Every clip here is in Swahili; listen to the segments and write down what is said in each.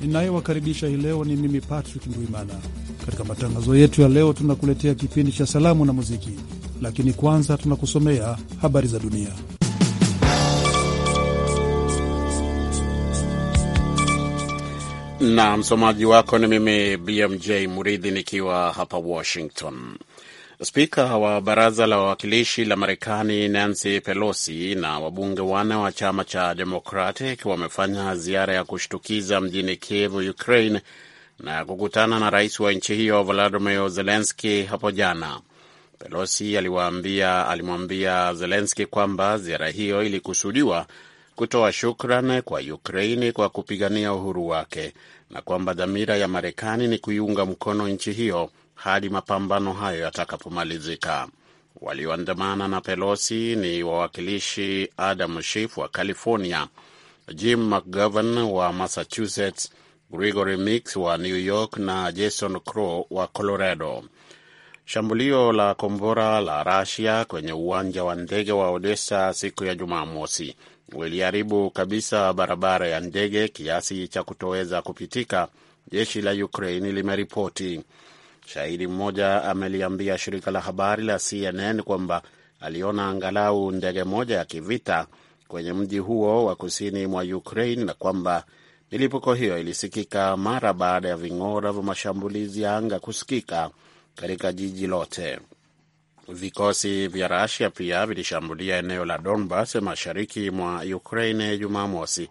ninayewakaribisha hii leo ni mimi Patrick Ndwimana. Katika matangazo yetu ya leo, tunakuletea kipindi cha salamu na muziki, lakini kwanza tunakusomea habari za dunia. Na msomaji wako ni mimi BMJ Muridhi nikiwa hapa Washington. Spika wa baraza la wawakilishi la Marekani Nancy Pelosi na wabunge wane wa chama cha Democratic wamefanya ziara ya kushtukiza mjini Kiev, Ukraine, na kukutana na rais wa nchi hiyo volodimir Zelenski hapo jana. Pelosi aliwaambia alimwambia Zelenski kwamba ziara hiyo ilikusudiwa kutoa shukrani kwa Ukraini kwa kupigania uhuru wake na kwamba dhamira ya Marekani ni kuiunga mkono nchi hiyo hadi mapambano hayo yatakapomalizika. Walioandamana na Pelosi ni wawakilishi Adam Schiff wa California, Jim McGovern wa Massachusetts, Gregory Mix wa New York na Jason Crow wa Colorado. Shambulio la kombora la rasia kwenye uwanja wa ndege wa Odessa siku ya Jumamosi wiliharibu kabisa barabara ya ndege kiasi cha kutoweza kupitika, jeshi la ukrain limeripoti. Shahidi mmoja ameliambia shirika la habari la CNN kwamba aliona angalau ndege moja ya kivita kwenye mji huo wa kusini mwa Ukraine na kwamba milipuko hiyo ilisikika mara baada ya ving'ora vya mashambulizi ya anga kusikika katika jiji lote. Vikosi vya Rasia pia vilishambulia eneo la Donbas mashariki mwa Ukraine Jumamosi,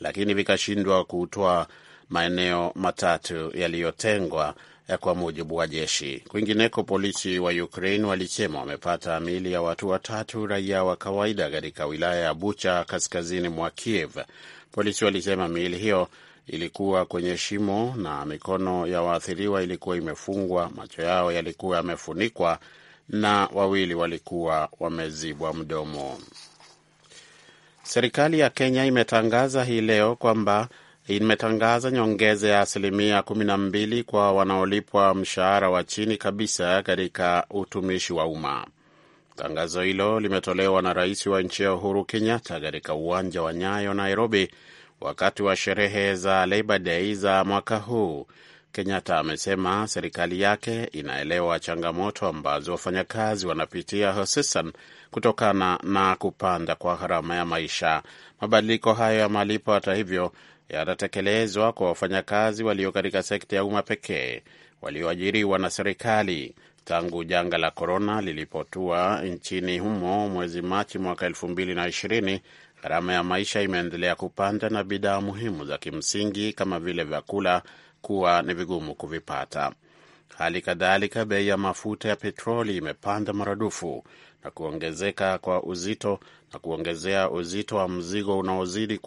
lakini vikashindwa kutoa maeneo matatu yaliyotengwa kwa mujibu wa jeshi. Kwingineko, polisi wa Ukraine walisema wamepata miili ya watu watatu raia wa kawaida katika wilaya ya Bucha kaskazini mwa Kiev. Polisi walisema miili hiyo ilikuwa kwenye shimo na mikono ya waathiriwa ilikuwa imefungwa, macho yao yalikuwa yamefunikwa na wawili walikuwa wamezibwa mdomo. Serikali ya Kenya imetangaza hii leo kwamba imetangaza nyongeza ya asilimia kumi na mbili kwa wanaolipwa mshahara wa chini kabisa katika utumishi wa umma. Tangazo hilo limetolewa na rais wa nchi ya Uhuru Kenyatta katika uwanja wa Nyayo, Nairobi, wakati wa sherehe za Labor Day za mwaka huu. Kenyatta amesema serikali yake inaelewa changamoto ambazo wafanyakazi wanapitia hususan kutokana na kupanda kwa gharama ya maisha. Mabadiliko hayo ya malipo, hata hivyo, yatatekelezwa kwa wafanyakazi walio katika sekta ya umma pekee walioajiriwa na serikali. Tangu janga la korona lilipotua nchini humo mwezi Machi mwaka na ishirini, gharama ya maisha imeendelea kupanda na bidhaa muhimu za kimsingi kama vile vyakula kuwa ni vigumu kuvipata. Hali kadhalika, bei ya mafuta ya petroli imepanda maradufu na kuongezeka kwa uzito na kuongezea uzito wa mzigo unaozidi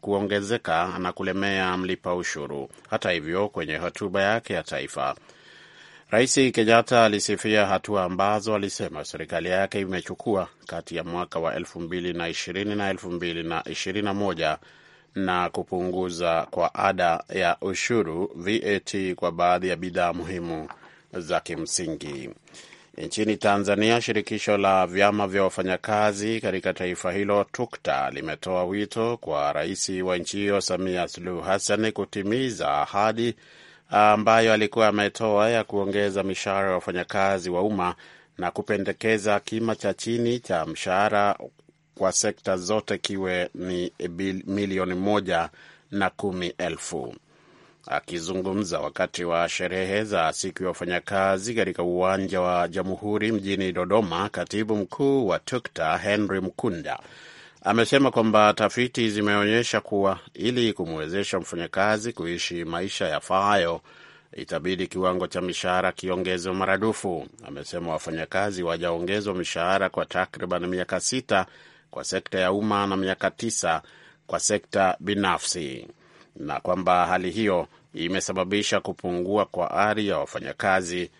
kuongezeka na kulemea mlipa ushuru. Hata hivyo, kwenye hotuba yake ya taifa, Rais Kenyatta alisifia hatua ambazo alisema serikali yake imechukua kati ya mwaka wa 2020 na 2021 na kupunguza kwa ada ya ushuru VAT kwa baadhi ya bidhaa muhimu za kimsingi. Nchini Tanzania, shirikisho la vyama vya wafanyakazi katika taifa hilo TUKTA limetoa wito kwa rais wa nchi hiyo Samia Suluhu Hassan kutimiza ahadi ambayo alikuwa ametoa ya kuongeza mishahara ya wafanyakazi wa umma na kupendekeza kima cha chini cha mshahara kwa sekta zote kiwe ni milioni moja na kumi elfu. Akizungumza wakati wa sherehe za siku ya wafanyakazi katika uwanja wa Jamhuri mjini Dodoma, katibu mkuu wa TUKTA Henry Mkunda amesema kwamba tafiti zimeonyesha kuwa ili kumwezesha mfanyakazi kuishi maisha faayo itabidi kiwango cha mishahara kiongezwe maradufu. Amesema wafanyakazi wajaongezwa mishahara kwa takriban miaka sita kwa sekta ya umma na miaka tisa kwa sekta binafsi na kwamba hali hiyo imesababisha kupungua kwa ari ya wafanyakazi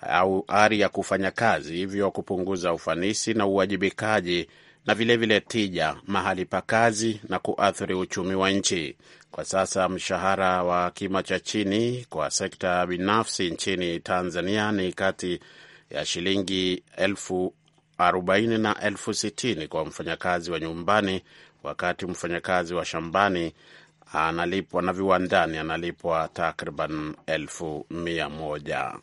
au ari ya kufanya kazi, hivyo kupunguza ufanisi na uwajibikaji na vilevile vile tija mahali pa kazi na kuathiri uchumi wa nchi. Kwa sasa mshahara wa kima cha chini kwa sekta binafsi nchini Tanzania ni kati ya shilingi elfu arobaini na elfu sitini kwa mfanyakazi wa nyumbani, wakati mfanyakazi wa shambani analipwa na viwandani, analipwa takriban elfu mia moja.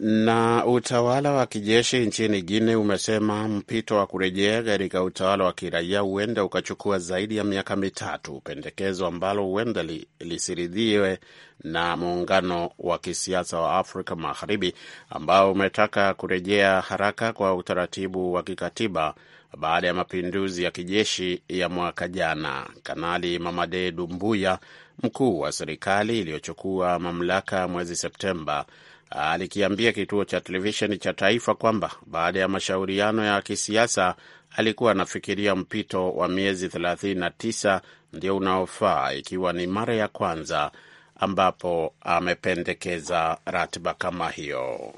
Na utawala wa kijeshi nchini guine umesema mpito wa kurejea katika utawala wa kiraia huenda ukachukua zaidi ya miaka mitatu, pendekezo ambalo huenda lisiridhiwe na muungano wa kisiasa wa Afrika Magharibi ambao umetaka kurejea haraka kwa utaratibu wa kikatiba baada ya mapinduzi ya kijeshi ya mwaka jana. Kanali Mamade Dumbuya, mkuu wa serikali iliyochukua mamlaka mwezi Septemba, alikiambia kituo cha televisheni cha taifa kwamba baada ya mashauriano ya kisiasa alikuwa anafikiria mpito wa miezi 39 ndio unaofaa, ikiwa ni mara ya kwanza ambapo amependekeza ratiba kama hiyo.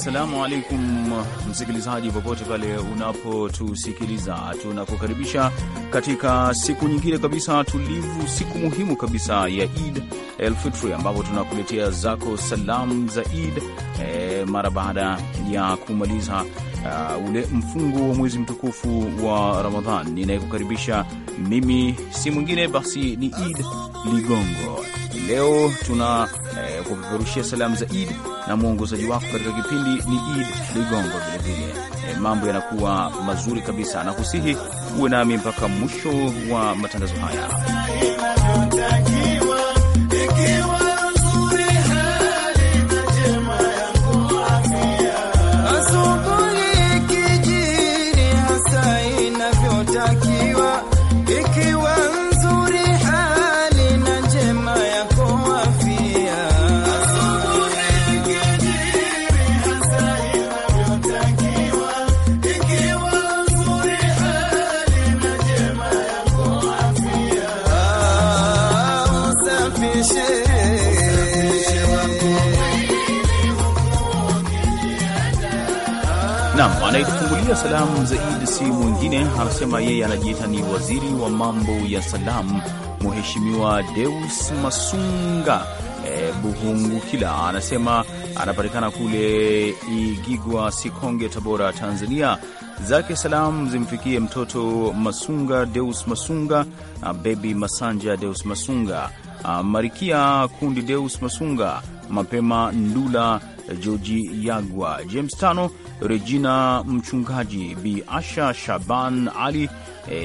Assalamu alaikum, msikilizaji popote pale unapotusikiliza, tunakukaribisha katika siku nyingine kabisa tulivu, siku muhimu kabisa ya Eid Elfitri, ambapo tunakuletea zako salamu za Eid e, mara baada ya kumaliza Uh, ule mfungo wa mwezi mtukufu wa Ramadhan. Ninayekukaribisha mimi si mwingine basi ni Eid Ligongo. Leo tuna eh, kupeperushia salamu za Idi na mwongozaji wako katika kipindi ni Idi Ligongo. Vilevile e, mambo yanakuwa mazuri kabisa, nakusihi uwe nami mpaka mwisho wa matangazo haya. Naam, anayetufungulia salamu zaidi si mwingine, anasema yeye anajiita ni waziri wa mambo ya salamu, Mheshimiwa Deus Masunga e, Buhungukila. Anasema anapatikana kule Igigwa, Sikonge, Tabora, Tanzania. Zake salamu zimfikie mtoto Masunga Deus Masunga, bebi Masanja Deus Masunga, Marikia Kundi Deus Masunga, mapema Ndula Georgi Yagwa, James Tano, Regina Mchungaji, Bi Asha Shaban Ali, e,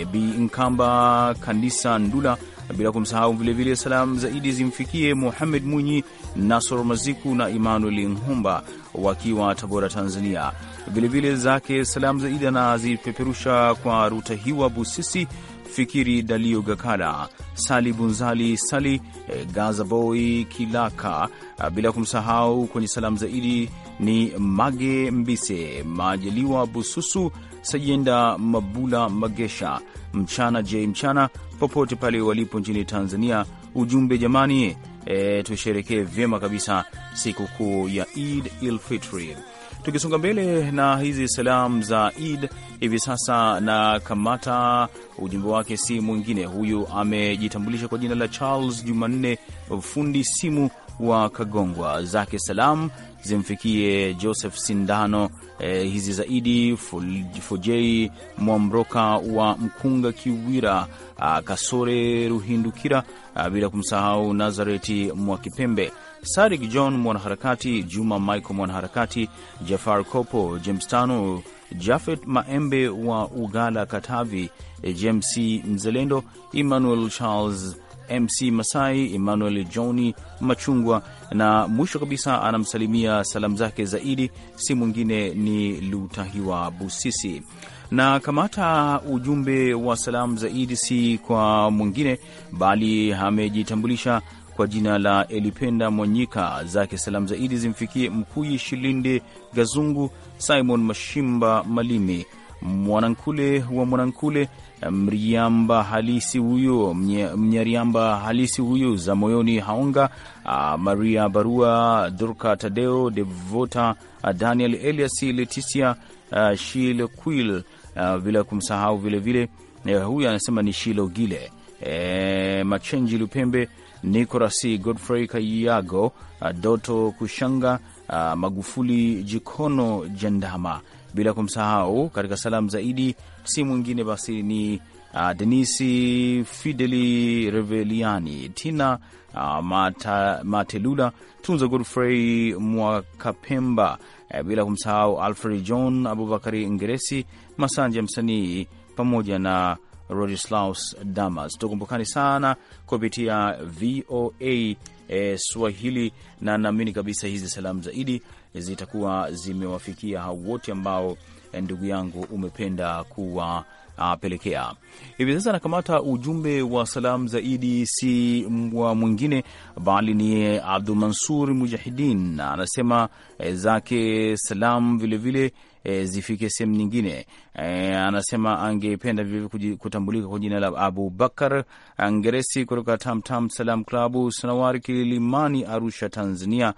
eh, Bi Nkamba Kandisa Ndula, bila kumsahau vilevile, salamu zaidi zimfikie Muhamed Mwinyi, Nasoro Maziku na Emmanuel Nhumba wakiwa Tabora, Tanzania. Vilevile zake salamu zaidi anazipeperusha kwa Rutahiwa Busisi Fikiri Dalio Gakala, Sali Bunzali, Sali eh, Gazaboi Kilaka, ah, bila kumsahau kwenye salamu zaidi ni Mage Mbise, Majaliwa Bususu, Sajenda Mabula Magesha, Mchana J Mchana, popote pale walipo nchini Tanzania. Ujumbe jamani, e, tusherekee vyema kabisa sikukuu ya Eid Ilfitri. Tukisonga mbele na hizi salamu za Eid hivi sasa, na kamata ujumbe wake, si mwingine huyu, amejitambulisha kwa jina la Charles Jumanne, fundi simu wa Kagongwa. Zake salamu zimfikie Joseph Sindano, eh, hizi zaidi Fojei Mwamroka wa Mkunga Kiwira, ah, Kasore Ruhindukira, ah, bila kumsahau Nazareti Mwakipembe sarik John mwanaharakati, Juma Michael mwanaharakati, Jafar Kopo, James Tano, Jafet Maembe wa Ugala Katavi, James C Mzelendo, Emmanuel Charles MC Masai, Emmanuel Johni Machungwa, na mwisho kabisa anamsalimia salamu zake zaidi, si mwingine ni Lutahiwa Busisi. Na kamata ujumbe wa salamu zaidi, si kwa mwingine bali amejitambulisha kwa jina la Elipenda Mwanyika, zake salamu zaidi zimfikie Mkuyi Shilinde Gazungu, Simon Mashimba Malimi, Mwanankule wa Mwanankule, Mriamba halisi huyo, Mnyariamba halisi huyo, za moyoni Haonga, Maria Barua, Durka Tadeo, Devota Daniel, Elias, Leticia Shilquil, bila kumsahau vilevile, eh, huyo anasema ni Shilogile, e, eh, Machenji Lupembe Nicolas Godfrey Kayago, uh, Doto Kushanga, uh, Magufuli Jikono Jandama, bila kumsahau katika salamu zaidi si mwingine basi ni uh, Denisi Fideli Reveliani, Tina uh, Mata, Matelula, Tunza Godfrey Mwakapemba, uh, bila kumsahau Alfred John Abubakari Ngeresi Masanja msanii pamoja na Rodislaus Damas. Tukumbukani sana kupitia VOA e, Swahili, na naamini kabisa hizi salamu zaidi zitakuwa zimewafikia hao wote ambao eh, ndugu yangu umependa kuwapelekea. Ah, Hivi sasa anakamata ujumbe wa salamu zaidi, si wa mwingine bali ni eh, Abdul Mansur Mujahidin, anasema zake salamu vilevile vile, e, zifike sehemu nyingine. E, anasema angependa vilevile kutambulika kwa jina la Abu Bakar Angeresi kutoka Tamtam Salam Klabu Sanawari Kilimani, Arusha, Tanzania.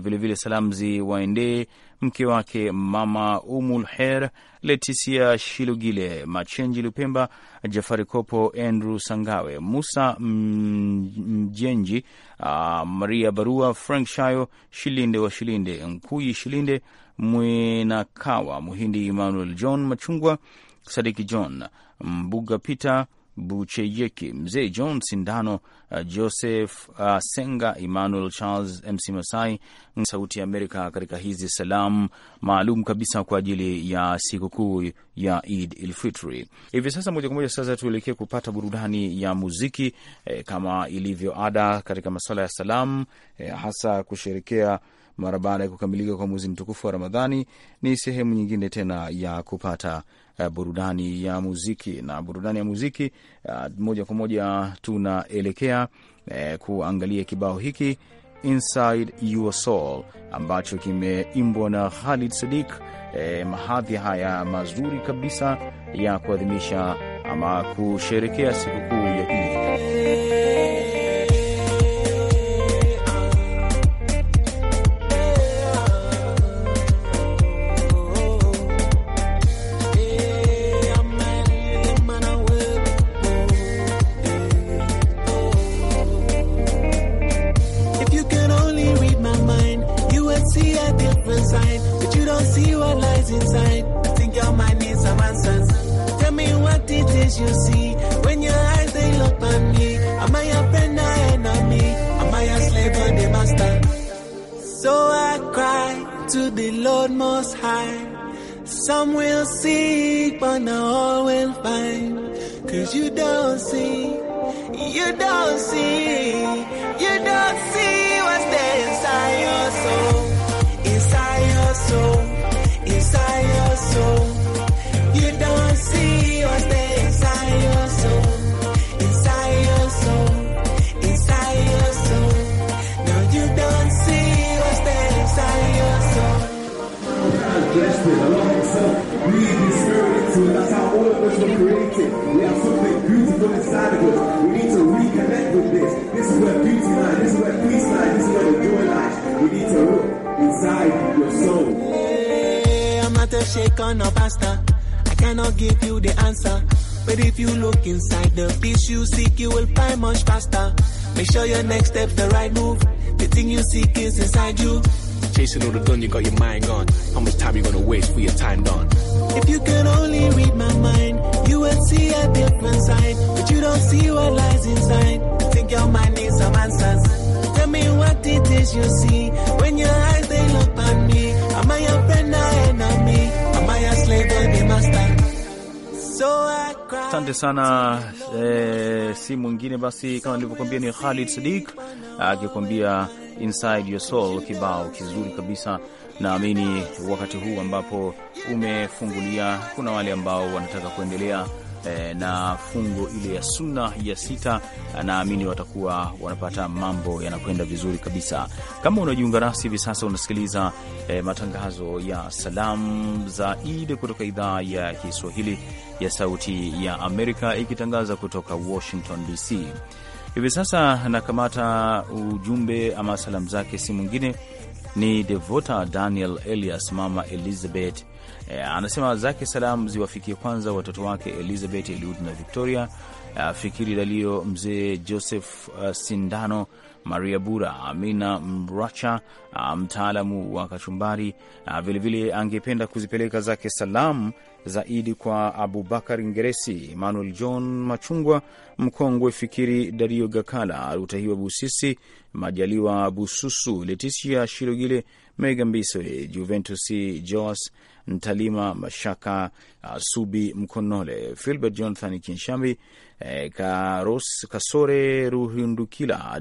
Vilevile salam ziwaendee mke wake Mama Umul Her, Letisia Shilugile, Machenji Lupemba, Jafari Kopo, Andrew Sangawe, Musa Mjenji, Maria Barua, Frank Shayo, Shilinde wa Shilinde, Mkuyi Shilinde, Mwenakawa, Muhindi Emmanuel John Machungwa, Sadiki John Mbuga, Peter Bucheyeki, Mzee John Sindano, uh, Joseph uh, Senga, Emmanuel Charles, MC Masai. Sauti ya Amerika katika hizi salamu maalum kabisa kwa ajili ya sikukuu ya Eid Ilfitri. Hivi sasa moja kwa moja sasa tuelekee kupata burudani ya muziki eh, kama ilivyo ada katika masuala ya salamu eh, hasa kusherekea mara baada ya kukamilika kwa mwezi mtukufu wa Ramadhani. Ni sehemu nyingine tena ya kupata eh, burudani ya muziki na burudani ya muziki uh, moja kwa moja tunaelekea uh, kuangalia kibao hiki Inside Your Soul ambacho kimeimbwa na Khalid Sadiq. Eh, mahadhi haya mazuri kabisa ya kuadhimisha ama kusherekea sikukuu ya You don't see, you don't see what's there inside your soul, inside your soul, inside your soul. You don't see what's there inside your soul, inside your soul, inside your soul. No, you don't see what's there inside your soul. I'm blessed with a lot of self, we experience it. That's how all of us were created. We have something from inside of us. We need to reconnect with this. This is where beauty lies. This is where peace lies. This is where the joy lies. We need to look inside your soul. I'm not a shaker nor pastor. I cannot give you the answer. But if you look inside the peace you seek, you will find much faster. Make sure your next step's the right move. The thing you seek is inside you. Chasing all the gun, you got your mind on. How much time you gonna waste for your time done? If you can only read my mind. Asante sana e, si mwingine basi kama nilivyokuambia ni Khalid Sadiq akikwambia Inside Your Soul, kibao kizuri kabisa. Naamini wakati huu ambapo umefungulia, kuna wale ambao wanataka kuendelea e, na fungo ile ya sunna ya sita. Naamini watakuwa wanapata mambo yanakwenda vizuri kabisa. Kama unajiunga nasi hivi sasa, unasikiliza e, matangazo ya salamu za Eid kutoka idhaa ya Kiswahili ya Sauti ya Amerika ikitangaza kutoka Washington DC. Hivi sasa nakamata ujumbe ama salamu zake, si mwingine ni Devota Daniel Elias, mama Elizabeth. E, anasema zake salamu ziwafikie kwanza watoto wake Elizabeth, Eliud na Victoria, e, Fikiri Dalio, mzee Joseph e, Sindano, Maria Bura, Amina Mracha, e, mtaalamu wa kachumbari. Vilevile angependa kuzipeleka zake salamu zaidi kwa Abubakar Ngeresi, Emmanuel John Machungwa, Mkongwe Fikiri, Dario Gakala, Rutahiwa Busisi, Majaliwa Bususu, Letisia Shirogile, megambiso Juventus Joas Ntalima, Mashaka Subi, Mkonole, Filbert Jonathan Kinshambi, eh, Karos Kasore, Ruhundukila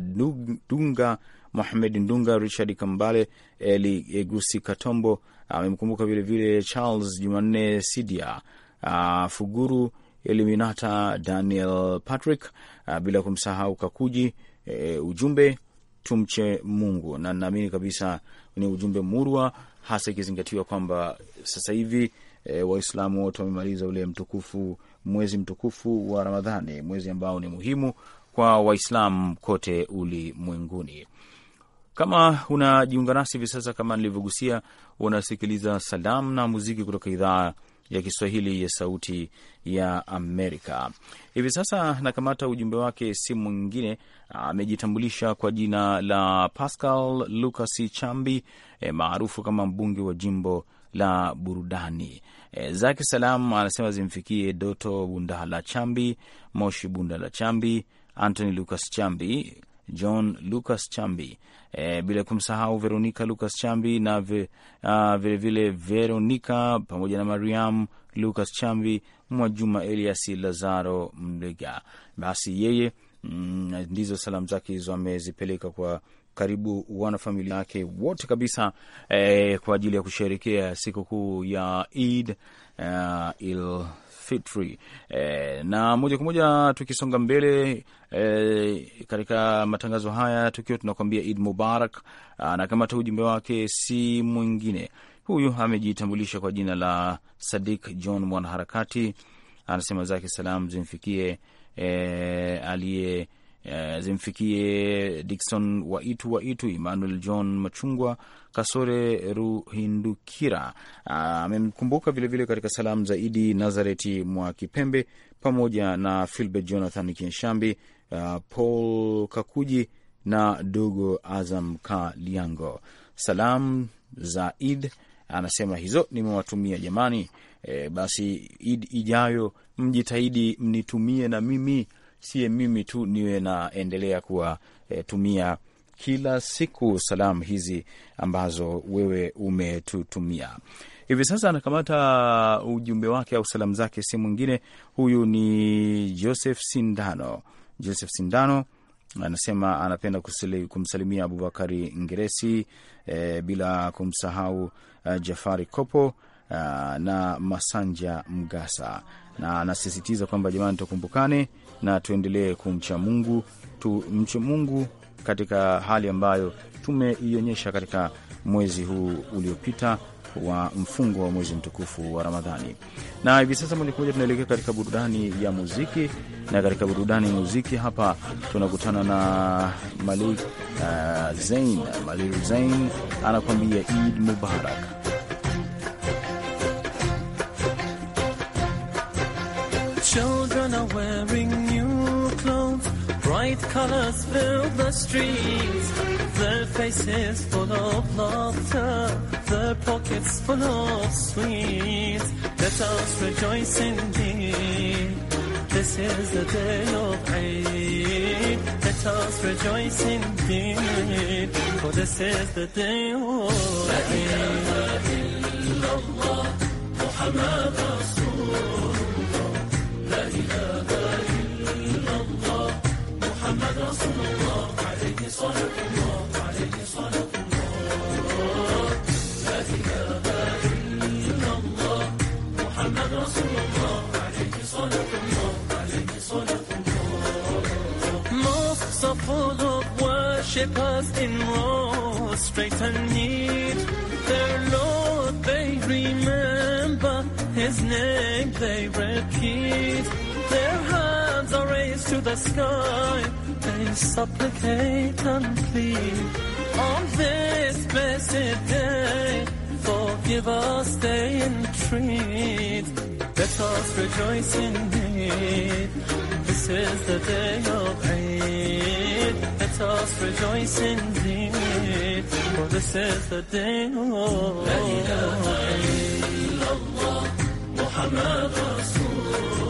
Dunga, Mohamed Ndunga, Richard Kambale, Eli Egusi Katombo amemkumbuka vilevile Charles Jumanne Sidia, ah, Fuguru Eliminata, Daniel Patrick, a, ah, bila kumsahau Kakuji. e, ujumbe tumche Mungu, na naamini kabisa ni ujumbe murwa, hasa ikizingatiwa kwamba sasa hivi E, Waislamu wote wamemaliza ule mtukufu mwezi mtukufu wa Ramadhani, mwezi ambao ni muhimu kwa Waislamu kote ulimwenguni. Kama unajiunga nasi hivi sasa, kama nilivyogusia, unasikiliza salamu na muziki kutoka idhaa ya Kiswahili ya Sauti ya Amerika. Hivi sasa nakamata ujumbe wake, si mwingine amejitambulisha kwa jina la Pascal Lucas Chambi e, maarufu kama mbunge wa jimbo la burudani e, zake salam anasema zimfikie Doto Bundala Chambi, Moshi Bundala Chambi, antony Lucas Chambi, John Lucas Chambi, e, bila kumsahau Veronica Lucas Chambi na ve, uh, vilevile Veronica pamoja na Mariam Lucas Chambi, Mwajuma Elias Lazaro Mlega. Basi yeye mm, ndizo salamu zake hizo amezipeleka kwa karibu wanafamilia yake wote kabisa eh, kwa ajili ya kusherekea sikukuu ya Eid uh, il Fitri. E, na moja kwa moja tukisonga mbele e, katika matangazo haya tukiwa tunakuambia Id Mubarak. Ah, na kama hata ujumbe wake si mwingine huyu, amejitambulisha kwa jina la Sadik John mwanaharakati, anasema zake salam zimfikie e, aliye Eh, zimfikie Dickson Waitu Waitu, Emmanuel John Machungwa, Kasore Ruhindukira. Ah, amemkumbuka vilevile katika salamu zaidi Nazareti mwa Kipembe pamoja na Filbert Jonathan Kinshambi, ah, Paul Kakuji na Dogo Azam Kaliango. Salamu za Id anasema hizo nimewatumia jamani. E, basi Id ijayo mjitahidi mnitumie na mimi siye mimi tu niwe naendelea kuwatumia eh, e, kila siku salamu hizi ambazo wewe umetutumia hivi sasa. Anakamata ujumbe wake au salamu zake, si mwingine huyu ni Joseph Sindano. Joseph Sindano anasema anapenda kumsalimia Abubakari Ngeresi e, bila kumsahau eh, Jafari Kopo a, na Masanja Mgasa, na anasisitiza kwamba jamani, tukumbukane na tuendelee kumcha Mungu, tumche Mungu katika hali ambayo tumeionyesha katika mwezi huu uliopita wa mfungo wa mwezi mtukufu wa Ramadhani. Na hivi sasa moja kwa moja tunaelekea katika burudani ya muziki, na katika burudani ya muziki hapa tunakutana na Malik uh, Zain. Malik Zain anakuambia Eid Mubarak. Children are wearing Bright colors fill the streets. Their faces full of laughter. Their pockets full of sweets. Let us rejoice indeed. This is the day of Eid. Let us rejoice indeed. For this is the day of Eid. Muhammad Rasul. Mosques are full of worshippers in rows, straight and neat. Their Lord they remember, His name they repeat. Their hands are raised to the sky. They supplicate and plead on this blessed day. Forgive us they entreat. Let us rejoice indeed. This is the day of Eid. Let us rejoice indeed. For this is the day of aid. Muhammad Rasul.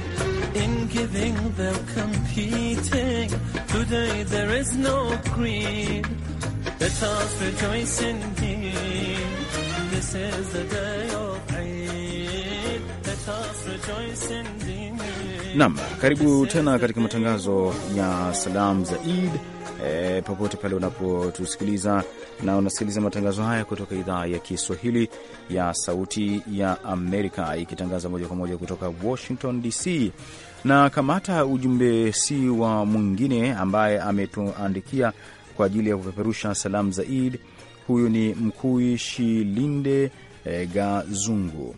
In giving, they're competing. Today there is no greed Let us rejoice in indeed. This is the day of Eid. Let us rejoice in indeed. Naam, karibu tena katika matangazo ya salamu za Eid e, popote pale unapotusikiliza na unasikiliza matangazo haya kutoka idhaa ya Kiswahili ya Sauti ya Amerika ikitangaza moja kwa moja kutoka Washington DC. Na kamata ujumbe si wa mwingine ambaye ametuandikia kwa ajili ya kupeperusha salamu za Eid. Huyu ni Mkui Shilinde e, Gazungu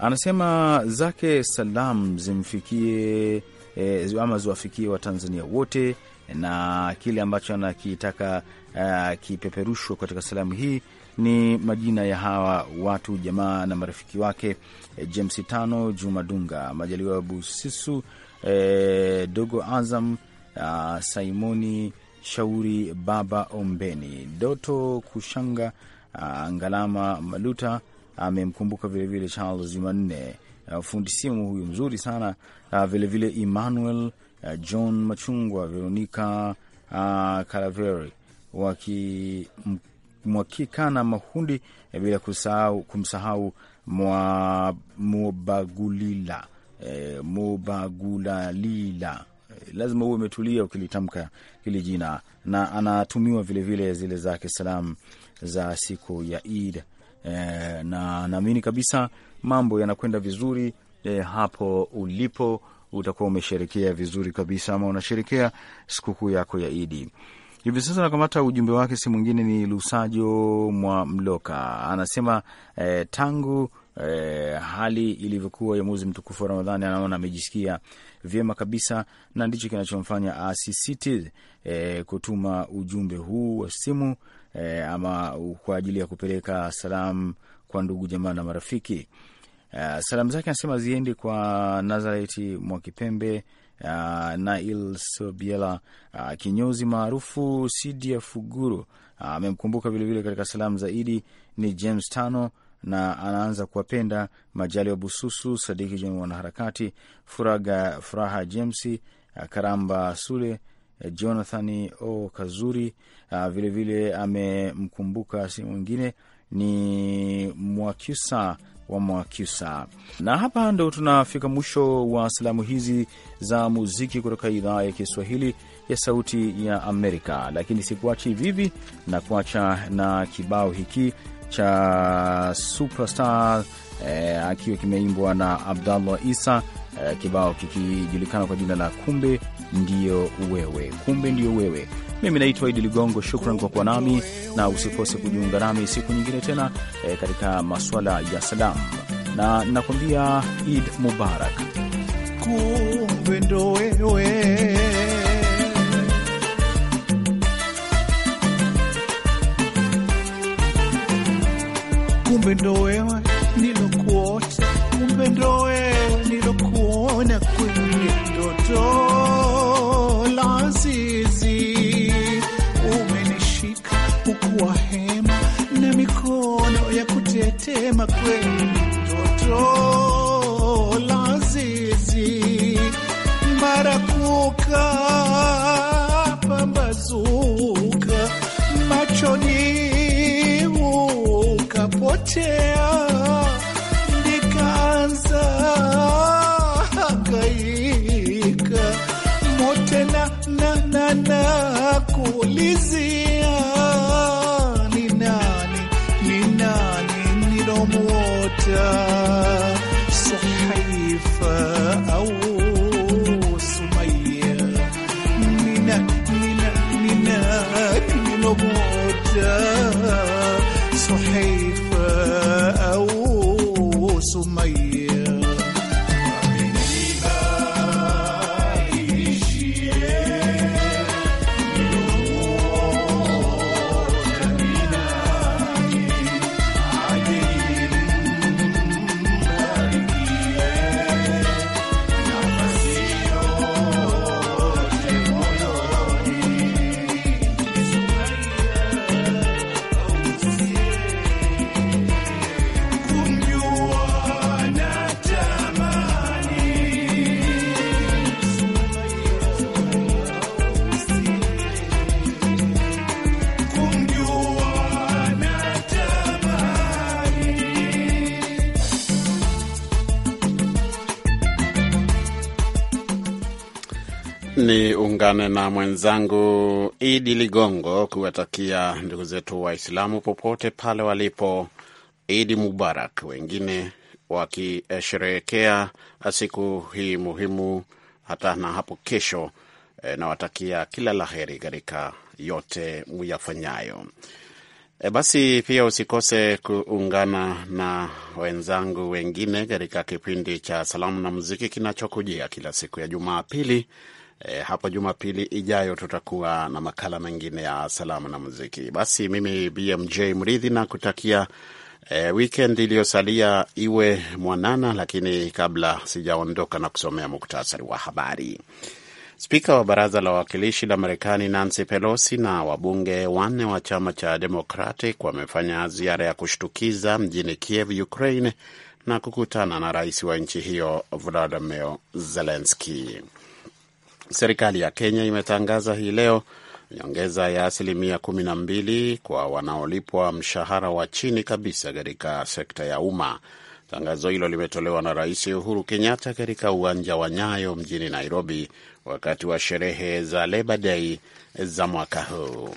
anasema zake salamu zimfikie e, ama ziwafikie Watanzania wote na kile ambacho anakitaka uh, eh, kipeperushwa katika salamu hii ni majina ya hawa watu jamaa na marafiki wake eh, James Tano, Juma Dunga, Majaliwa Busisu, eh, Dogo Azam, uh, ah, Saimoni Shauri, Baba Ombeni, Doto Kushanga, uh, Ngalama Maluta amemkumbuka vilevile Charles Jumanne, uh, fundi simu huyu mzuri sana vilevile ah, uh, vile Emmanuel Uh, John Machungwa, Veronica uh, Calaveri wakimwakikana Mahundi, eh, bila kusahau kumsahau mwa Mubagulila eh, Mubagulalila eh, lazima huwe umetulia ukilitamka hili jina, na anatumiwa vilevile zile zake salamu za siku ya id eh, na naamini kabisa mambo yanakwenda vizuri eh, hapo ulipo utakuwa umesherekea vizuri kabisa, ama unasherekea sikukuu yako ya Idi. Hivi sasa nakamata ujumbe wake, si mwingine ni Lusajo mwa Mloka, anasema eh, tangu eh, hali ilivyokuwa ya mwezi mtukufu wa Ramadhani, anaona amejisikia vyema kabisa, na ndicho kinachomfanya asisiti eh, kutuma ujumbe huu wa simu eh, ama kwa ajili ya kupeleka salamu kwa ndugu jamaa na marafiki. Eh, salamu zake anasema ziende kwa Nazareti Mwakipembe, uh, Nail Sobiela, uh, kinyozi maarufu Sidia Fuguru amemkumbuka uh, vilevile katika salamu za Idi ni James tano na anaanza kuwapenda Majali wa Bususu, Sadiki John mwanaharakati, Furaga Furaha James, Karamba Sule, Jonathan O Kazuri. Vilevile amemkumbuka si mwingine ni Mwakyusa wa Mwakyusa. Na hapa ndo tunafika mwisho wa salamu hizi za muziki kutoka idhaa ya Kiswahili ya Sauti ya Amerika, lakini sikuachi vivi na kuacha na kibao hiki cha Superstar eh, akiwa kimeimbwa na Abdallah Isa eh, kibao kikijulikana kwa jina la kumbe ndiyo wewe, kumbe ndiyo wewe. Mimi naitwa Idi Ligongo, shukran kwa kuwa nami na usikose kujiunga nami siku nyingine tena e, katika maswala ya salamu, na nakwambia Id Mubarak. Kumbe ndo wewe kumbe ndo wewe nilokuota kumbe ndo wewe tuungane na mwenzangu Idi Ligongo kuwatakia ndugu zetu Waislamu popote pale walipo Idi Mubarak, wengine wakisherehekea siku hii muhimu hata na hapo kesho. E, nawatakia kila la heri katika yote muyafanyayo. E, basi pia usikose kuungana na wenzangu wengine katika kipindi cha salamu na muziki kinachokujia kila siku ya Jumapili E, hapo Jumapili ijayo tutakuwa na makala mengine ya salamu na muziki. Basi mimi BMJ Mridhi na kutakia e, weekend iliyosalia iwe mwanana, lakini kabla sijaondoka na kusomea muktasari wa habari. Spika wa baraza la wawakilishi la Marekani Nancy Pelosi na wabunge wanne wa chama cha Democratic wamefanya ziara ya kushtukiza mjini Kiev, Ukraine na kukutana na rais wa nchi hiyo Vladimir zelenski Serikali ya Kenya imetangaza hii leo nyongeza ya asilimia kumi na mbili kwa wanaolipwa mshahara wa chini kabisa katika sekta ya umma. Tangazo hilo limetolewa na Rais Uhuru Kenyatta katika uwanja wa Nyayo mjini Nairobi wakati wa sherehe za Labour Day za mwaka huu.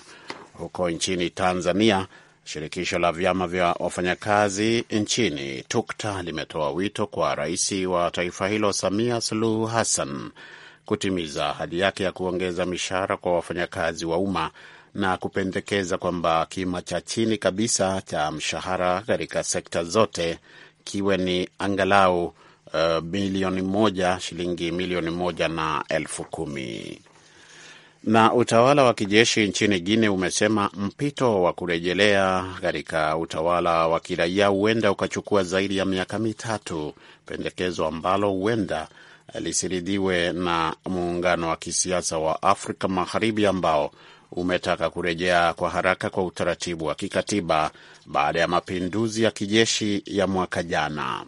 Huko nchini Tanzania, shirikisho la vyama vya wafanyakazi nchini TUKTA limetoa wito kwa rais wa taifa hilo Samia Suluhu Hassan kutimiza ahadi yake ya kuongeza mishahara kwa wafanyakazi wa umma na kupendekeza kwamba kima cha chini kabisa cha mshahara katika sekta zote kiwe ni angalau eh, milioni uh, moja shilingi milioni moja na elfu kumi. Na utawala wa kijeshi nchini guine umesema mpito wa kurejelea katika utawala wa kiraia huenda ukachukua zaidi ya miaka mitatu, pendekezo ambalo huenda lisiridhiwe na muungano wa kisiasa wa Afrika Magharibi ambao umetaka kurejea kwa haraka kwa utaratibu wa kikatiba baada ya mapinduzi ya kijeshi ya mwaka jana.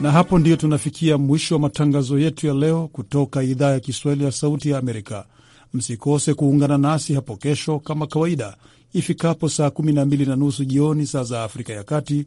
Na hapo ndiyo tunafikia mwisho wa matangazo yetu ya leo kutoka idhaa ya Kiswahili ya Sauti ya Amerika. Msikose kuungana nasi hapo kesho kama kawaida ifikapo saa 12 na nusu jioni saa za Afrika ya Kati